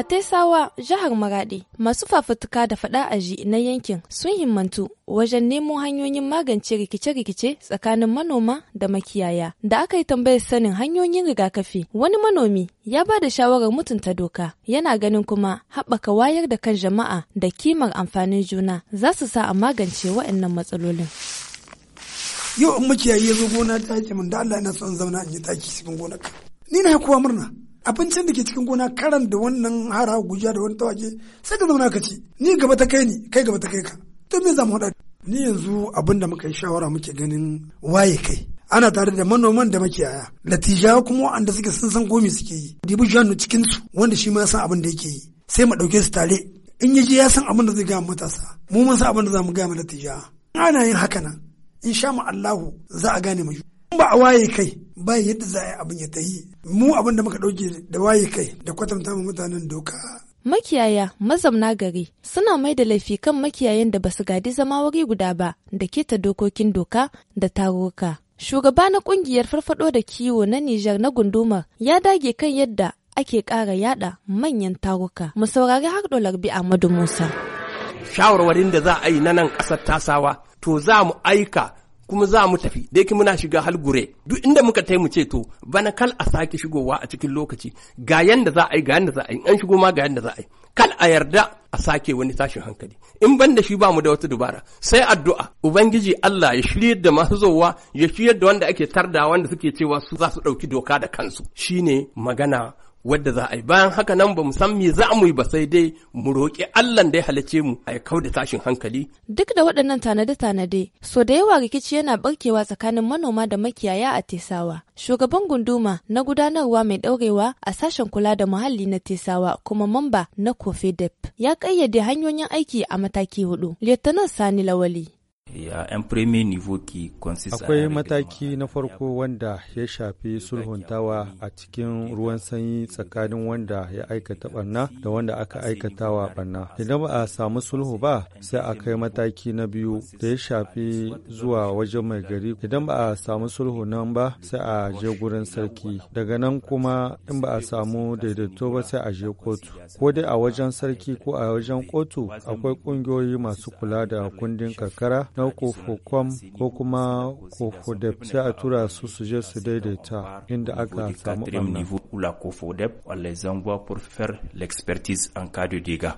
A jihar Maraɗi, masu fafutuka da faɗa aji na yankin sun himmantu wajen nemo hanyoyin magance rikice-rikice tsakanin manoma da makiyaya. Da aka yi tambayar sanin hanyoyin rigakafi, wani manomi ya ba da shawarar mutunta doka, yana ganin kuma haɓaka wayar da kan jama'a da kimar amfanin juna za su sa a magance waɗannan matsalolin. Yau in makiyayi ya zo gona ta min da Allah ina son zauna in yi taki cikin gonar. Ni na kowa murna. abincin da ke cikin gona karan da wannan hara gujiya da wani tawaje. sai ka zauna ka ci ni gaba ta kai ni kai gaba ta kai ka to me za mu haɗa ni yanzu abin da muka yi shawara muke ganin waye kai ana tare da manoman da makiyaya Latija kuma wanda suke sun san gomi suke yi dibu janu cikin su wanda shi ma san abin da yake yi sai mu ɗauke su tare in ya je ya san abin da zai gaya matasa mu mun san abin da za mu gaya ma latija. ana yin haka nan in sha ma Allahu za a gane mu ba a waye kai ba yadda za a abin ya tahi mu abin da muka ɗauke da waye kai da kwatanta mu mutanen doka Makiyaya mazamna gari suna mai da laifi kan makiyayan da basu gadi zama wuri guda ba da keta dokokin doka da taruka. Shugaba na kungiyar farfado da kiwo na Nijar na gundumar ya dage kan yadda ake ƙara yada manyan taruka. Mu saurari har dolar bi Ahmadu Musa. Shawarwarin da za a yi na nan kasar tasawa to za mu aika kuma za mu tafi da yake muna shiga hal gure duk inda muka tai mu ce to bana kal a sake shigowa a cikin lokaci ga yanda za a yi ga yanda za a yi an shigo ma ga yanda za a yi kal a yarda a sake wani tashin hankali in ban da shi ba mu da wata dubara sai addu'a ubangiji Allah ya shiryar da masu zowa ya shirye da wanda ake tarda wanda suke cewa su za su ɗauki doka da kansu shine magana wadda za a yi bayan haka nan ba mu san me za mu yi ba sai dai mu roƙi Allah da ya halice mu a kau da tashin hankali. Duk da waɗannan tanade-tanade, so da yawa rikici yana barkewa tsakanin manoma da makiyaya a Tesawa. Shugaban gunduma na gudanarwa mai ɗaurewa a sashen kula da muhalli na Tesawa kuma mamba na Kofedep ya ƙayyade hanyoyin aiki a mataki hudu. Lieutenant Sani Lawali a premier niveau ki consiste akwai mataki na farko wanda ya shafi sulhuntawa a cikin ruwan sanyi tsakanin wanda ya aikata barna da wanda aka aikatawa barna idan ba a samu sulhu ba sai a kai mataki na biyu da ya shafi zuwa wajen mai gari idan ba a samu sulhu nan ba sai a je gurin sarki daga nan kuma in ba a samu daidaito ba sai a je kotu ko dai a wajen sarki ko a wajen kotu akwai kungiyoyi masu kula da kundin karkara na uku C'est un tour à ce sujet-ci de détail. C'est un niveau où la COFODEP, les envoie pour faire l'expertise en cas de dégâts.